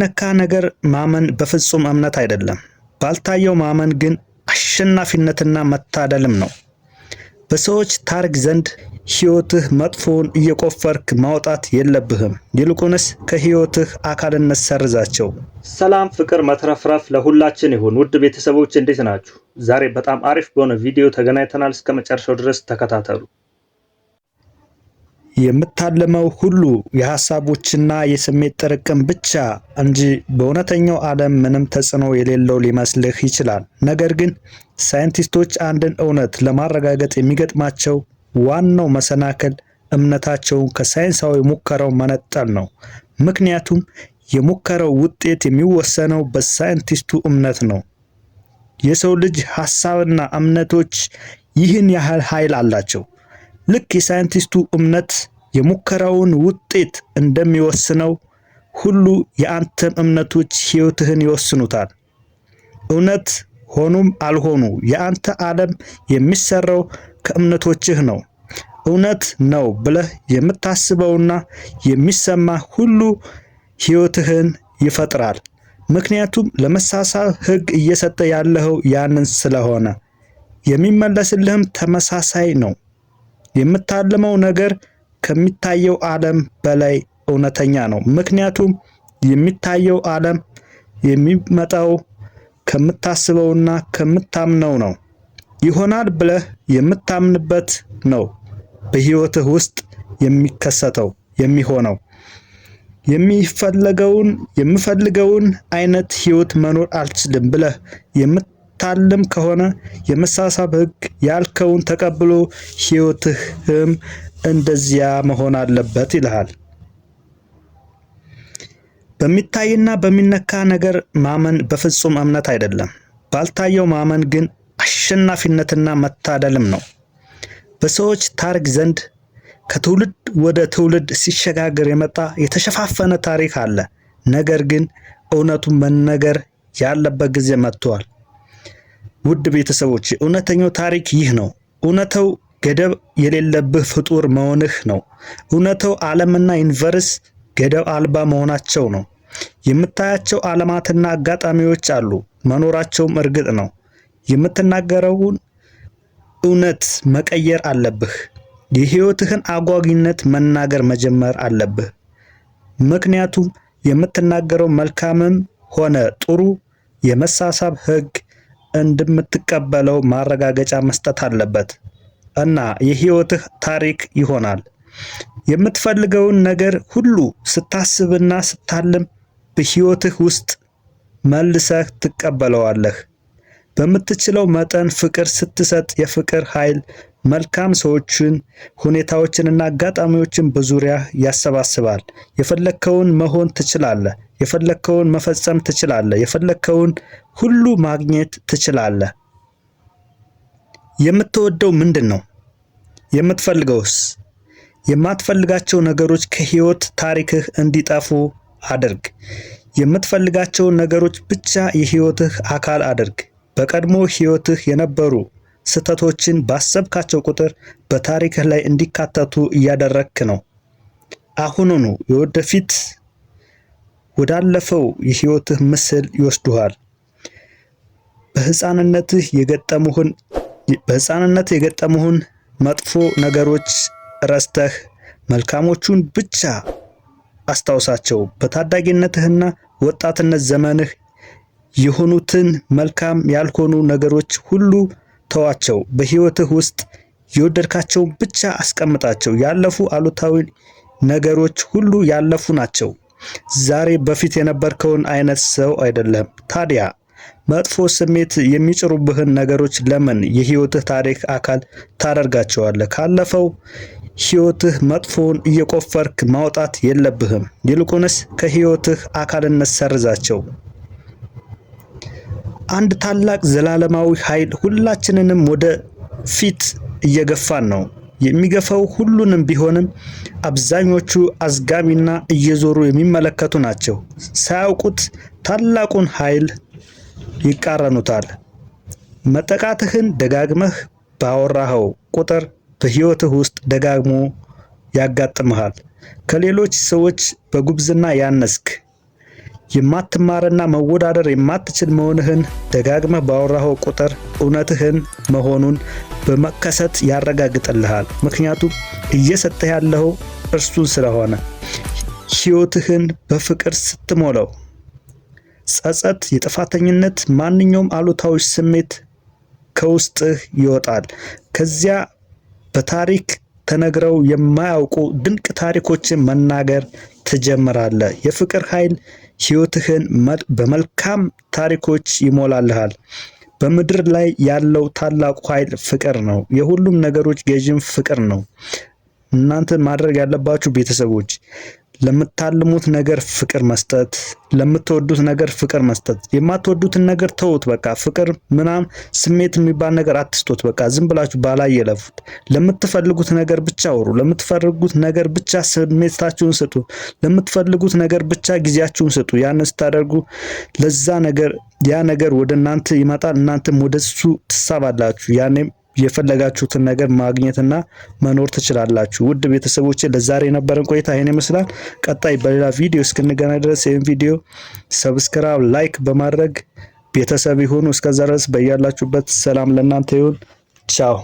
ነካ ነገር ማመን በፍጹም እምነት አይደለም። ባልታየው ማመን ግን አሸናፊነትና መታደልም ነው። በሰዎች ታሪክ ዘንድ ሕይወትህ መጥፎውን እየቆፈርክ ማውጣት የለብህም። ይልቁንስ ከሕይወትህ አካልነት ሰርዛቸው። ሰላም፣ ፍቅር፣ መትረፍረፍ ለሁላችን ይሁን። ውድ ቤተሰቦች እንዴት ናችሁ? ዛሬ በጣም አሪፍ በሆነ ቪዲዮ ተገናኝተናል። እስከ መጨረሻው ድረስ ተከታተሉ። የምታለመው ሁሉ የሐሳቦችና የስሜት ጥርቅም ብቻ እንጂ በእውነተኛው ዓለም ምንም ተጽዕኖ የሌለው ሊመስልህ ይችላል። ነገር ግን ሳይንቲስቶች አንድን እውነት ለማረጋገጥ የሚገጥማቸው ዋናው መሰናክል እምነታቸውን ከሳይንሳዊ ሙከራው መነጠል ነው። ምክንያቱም የሙከራው ውጤት የሚወሰነው በሳይንቲስቱ እምነት ነው። የሰው ልጅ ሐሳብና እምነቶች ይህን ያህል ኃይል አላቸው። ልክ የሳይንቲስቱ እምነት የሙከራውን ውጤት እንደሚወስነው ሁሉ የአንተም እምነቶች ሕይወትህን ይወስኑታል። እውነት ሆኑም አልሆኑ የአንተ ዓለም የሚሰራው ከእምነቶችህ ነው። እውነት ነው ብለህ የምታስበውና የሚሰማ ሁሉ ሕይወትህን ይፈጥራል። ምክንያቱም ለመሳሳ ሕግ እየሰጠ ያለኸው ያንን ስለሆነ የሚመለስልህም ተመሳሳይ ነው። የምታልመው ነገር ከሚታየው ዓለም በላይ እውነተኛ ነው። ምክንያቱም የሚታየው ዓለም የሚመጣው ከምታስበውና ከምታምነው ነው። ይሆናል ብለህ የምታምንበት ነው በህይወትህ ውስጥ የሚከሰተው የሚሆነው። የሚፈለገውን የምፈልገውን አይነት ህይወት መኖር አልችልም ብለህ ታልም ከሆነ የመሳሳብ ህግ ያልከውን ተቀብሎ ህይወትህም እንደዚያ መሆን አለበት ይልሃል። በሚታይና በሚነካ ነገር ማመን በፍጹም እምነት አይደለም። ባልታየው ማመን ግን አሸናፊነትና መታደልም ነው። በሰዎች ታሪክ ዘንድ ከትውልድ ወደ ትውልድ ሲሸጋገር የመጣ የተሸፋፈነ ታሪክ አለ። ነገር ግን እውነቱ መነገር ያለበት ጊዜ መጥቷል። ውድ ቤተሰቦች እውነተኛው ታሪክ ይህ ነው። እውነተው ገደብ የሌለብህ ፍጡር መሆንህ ነው። እውነተው ዓለምና ዩኒቨርስ ገደብ አልባ መሆናቸው ነው። የምታያቸው ዓለማትና አጋጣሚዎች አሉ፣ መኖራቸውም እርግጥ ነው። የምትናገረውን እውነት መቀየር አለብህ። የህይወትህን አጓጊነት መናገር መጀመር አለብህ። ምክንያቱም የምትናገረው መልካምም ሆነ ጥሩ የመሳሳብ ህግ እንደምትቀበለው ማረጋገጫ መስጠት አለበት እና የህይወትህ ታሪክ ይሆናል። የምትፈልገውን ነገር ሁሉ ስታስብና ስታልም በህይወትህ ውስጥ መልሰህ ትቀበለዋለህ። በምትችለው መጠን ፍቅር ስትሰጥ የፍቅር ኃይል መልካም ሰዎችን፣ ሁኔታዎችንና አጋጣሚዎችን በዙሪያ ያሰባስባል። የፈለግከውን መሆን ትችላለህ። የፈለግከውን መፈጸም ትችላለህ። የፈለግከውን ሁሉ ማግኘት ትችላለህ። የምትወደው ምንድን ነው? የምትፈልገውስ? የማትፈልጋቸው ነገሮች ከህይወት ታሪክህ እንዲጠፉ አድርግ። የምትፈልጋቸው ነገሮች ብቻ የህይወትህ አካል አድርግ። በቀድሞ ህይወትህ የነበሩ ስህተቶችን ባሰብካቸው ቁጥር በታሪክህ ላይ እንዲካተቱ እያደረግክ ነው። አሁኑኑ የወደፊት ወዳለፈው የህይወትህ ምስል ይወስዱሃል። በህፃንነትህ የገጠሙህን በህፃንነት የገጠሙህን መጥፎ ነገሮች ረስተህ መልካሞቹን ብቻ አስታውሳቸው። በታዳጊነትህና ወጣትነት ዘመንህ የሆኑትን መልካም ያልሆኑ ነገሮች ሁሉ ተዋቸው። በህይወትህ ውስጥ የወደድካቸውን ብቻ አስቀምጣቸው። ያለፉ አሉታዊ ነገሮች ሁሉ ያለፉ ናቸው። ዛሬ በፊት የነበርከውን አይነት ሰው አይደለም። ታዲያ መጥፎ ስሜት የሚጭሩብህን ነገሮች ለምን የህይወትህ ታሪክ አካል ታደርጋቸዋለህ? ካለፈው ህይወትህ መጥፎውን እየቆፈርክ ማውጣት የለብህም። ይልቁንስ ከህይወትህ አካልነት ሰርዛቸው። አንድ ታላቅ ዘላለማዊ ኃይል ሁላችንንም ወደ ፊት እየገፋን ነው። የሚገፋው ሁሉንም ቢሆንም አብዛኞቹ አዝጋሚና እየዞሩ የሚመለከቱ ናቸው። ሳያውቁት ታላቁን ኃይል ይቃረኑታል። መጠቃትህን ደጋግመህ ባወራኸው ቁጥር በሕይወትህ ውስጥ ደጋግሞ ያጋጥምሃል። ከሌሎች ሰዎች በጉብዝና ያነስክ የማትማርና መወዳደር የማትችል መሆንህን ደጋግመህ ባወራኸው ቁጥር እውነትህን መሆኑን በመከሰት ያረጋግጥልሃል። ምክንያቱም እየሰጠህ ያለው እርሱን ስለሆነ። ሕይወትህን በፍቅር ስትሞላው ጸጸት፣ የጥፋተኝነት ማንኛውም አሉታዊ ስሜት ከውስጥህ ይወጣል። ከዚያ በታሪክ ተነግረው የማያውቁ ድንቅ ታሪኮችን መናገር ትጀምራለህ። የፍቅር ኃይል ህይወትህን በመልካም ታሪኮች ይሞላልሃል። በምድር ላይ ያለው ታላቁ ኃይል ፍቅር ነው። የሁሉም ነገሮች ገዥም ፍቅር ነው። እናንተ ማድረግ ያለባችሁ ቤተሰቦች ለምታልሙት ነገር ፍቅር መስጠት፣ ለምትወዱት ነገር ፍቅር መስጠት። የማትወዱትን ነገር ተውት፣ በቃ ፍቅር ምናም ስሜት የሚባል ነገር አትስጡት። በቃ ዝም ብላችሁ ባላይ የለፉት። ለምትፈልጉት ነገር ብቻ አውሩ። ለምትፈልጉት ነገር ብቻ ስሜታችሁን ስጡ። ለምትፈልጉት ነገር ብቻ ጊዜያችሁን ስጡ። ያን ስታደርጉ ለዛ ነገር ያ ነገር ወደ እናንተ ይመጣል፣ እናንተም ወደሱ ትሳባላችሁ። ያኔም የፈለጋችሁትን ነገር ማግኘትና መኖር ትችላላችሁ። ውድ ቤተሰቦች ለዛሬ የነበረን ቆይታ ይህን ይመስላል። ቀጣይ በሌላ ቪዲዮ እስክንገናኝ ድረስ ይህን ቪዲዮ ሰብስክራብ፣ ላይክ በማድረግ ቤተሰብ ይሁኑ። እስከዛ ድረስ በያላችሁበት ሰላም ለእናንተ ይሁን። ቻው